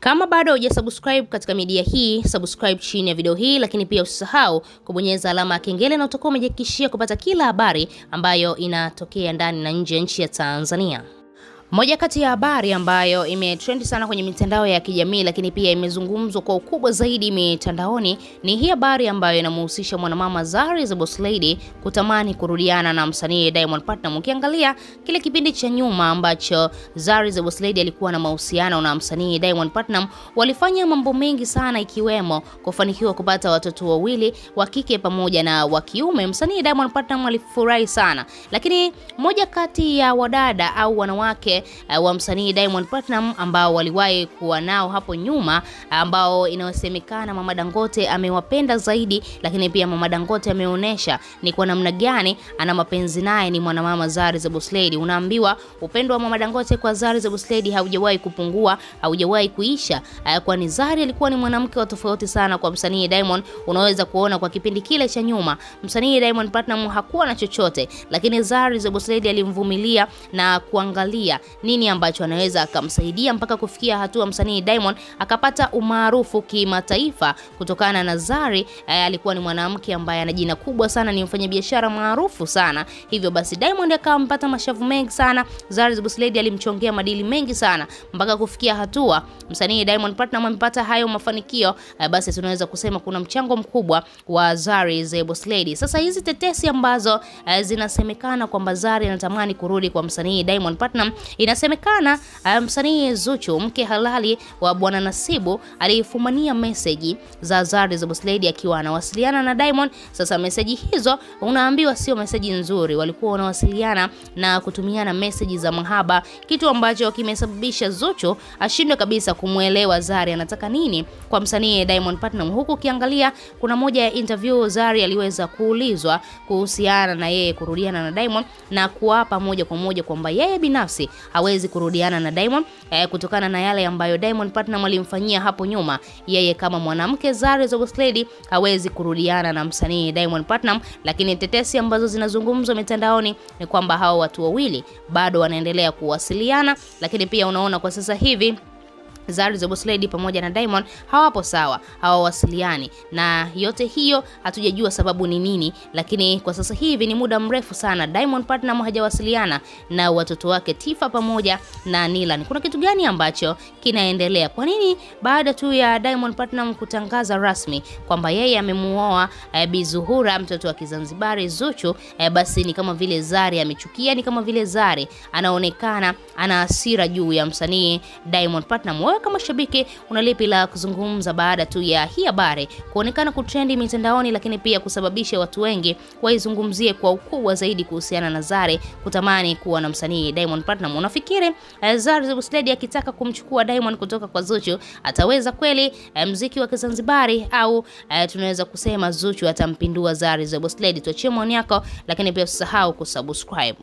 Kama bado hujasubscribe katika media hii, subscribe chini ya video hii, lakini pia usisahau kubonyeza alama ya kengele na utakuwa umejihakikishia kupata kila habari ambayo inatokea ndani na nje ya nchi ya Tanzania. Moja kati ya habari ambayo imetrend sana kwenye mitandao ya kijamii lakini pia imezungumzwa kwa ukubwa zaidi mitandaoni ni hii habari ambayo inamhusisha mwanamama Zari the Boss Lady kutamani kurudiana na msanii Diamond Platnumz. Ukiangalia kile kipindi cha nyuma ambacho Zari the Boss Lady alikuwa na mahusiano na msanii Diamond Platnumz, walifanya mambo mengi sana ikiwemo kufanikiwa kupata watoto wawili wa kike pamoja na wa kiume. Msanii Diamond Platnumz alifurahi sana, lakini moja kati ya wadada au wanawake uh, wa msanii Diamond Platinum ambao waliwahi kuwa nao hapo nyuma, ambao inayosemekana Mama Dangote amewapenda zaidi, lakini pia Mama Dangote ameonyesha ni kwa namna gani ana mapenzi naye ni mwanamama Zari the Boss Lady. Unaambiwa upendo wa Mama Dangote kwa Zari the Boss Lady haujawahi kupungua, haujawahi kuisha, uh, kwani Zari alikuwa ni mwanamke wa tofauti sana kwa msanii Diamond. Unaweza kuona kwa kipindi kile cha nyuma msanii Diamond Platinum hakuwa na chochote, lakini Zari the Boss Lady alimvumilia na kuangalia nini ambacho anaweza akamsaidia mpaka kufikia hatua msanii Diamond akapata umaarufu kimataifa kutokana na Zari. Eh, alikuwa ni mwanamke ambaye ana jina kubwa sana, ni mfanyabiashara maarufu sana. Hivyo basi Diamond akampata mashavu mengi sana. Zari Boss Lady alimchongea madili mengi sana mpaka kufikia hatua msanii Diamond Platnumz amepata hayo mafanikio. Eh, basi tunaweza kusema kuna mchango mkubwa wa Zari the Boss Lady. Sasa hizi tetesi ambazo eh, zinasemekana kwamba Zari anatamani kurudi kwa msanii Diamond Platnumz Inasemekana um, msanii Zuchu, mke halali wa Bwana Nasibu, alifumania meseji za Zari za Boss Lady akiwa anawasiliana na Diamond. Sasa meseji hizo unaambiwa sio meseji nzuri, walikuwa wanawasiliana na kutumiana meseji za mahaba, kitu ambacho kimesababisha Zuchu ashindwe kabisa kumwelewa Zari anataka nini kwa msanii Diamond Platnumz. Huku ukiangalia kuna moja ya interview Zari aliweza kuulizwa kuhusiana na yeye kurudiana na Diamond na kuapa moja kwa moja kwamba yeye binafsi hawezi kurudiana na Diamond eh, kutokana na yale ambayo Diamond Platnumz alimfanyia hapo nyuma. Yeye kama mwanamke Zari the Boss Lady hawezi kurudiana na msanii Diamond Platnumz, lakini tetesi ambazo zinazungumzwa mitandaoni ni kwamba hao watu wawili bado wanaendelea kuwasiliana, lakini pia unaona kwa sasa hivi Zari Zobosledi pamoja na Diamond hawapo sawa, hawawasiliani na yote hiyo hatujajua sababu ni nini, lakini kwa sasa hivi ni muda mrefu sana Diamond Platnumz hajawasiliana na watoto wake Tifa pamoja na Nilan. Kuna kitu gani ambacho kinaendelea? Kwa nini baada tu ya Diamond Platnumz kutangaza rasmi kwamba yeye amemuoa eh, Bi Zuhura mtoto wa Kizanzibari Zuchu eh, basi ni kama vile Zari amechukia, ni kama vile Zari anaonekana ana hasira juu ya msanii Diamond Platnumz kama shabiki unalipi la kuzungumza baada tu ya hii habari kuonekana kutrendi mitandaoni, lakini pia kusababisha watu wengi waizungumzie kwa ukubwa zaidi kuhusiana na zare kutamani kuwa na msanii Diamond platinum Unafikiri eh, Zari akitaka kumchukua Diamond kutoka kwa Zuchu ataweza kweli eh, mziki wa Kizanzibari, au eh, tunaweza kusema Zuchu atampindua Zari Busted? Tuachie maoni yako, lakini pia usisahau kusubscribe.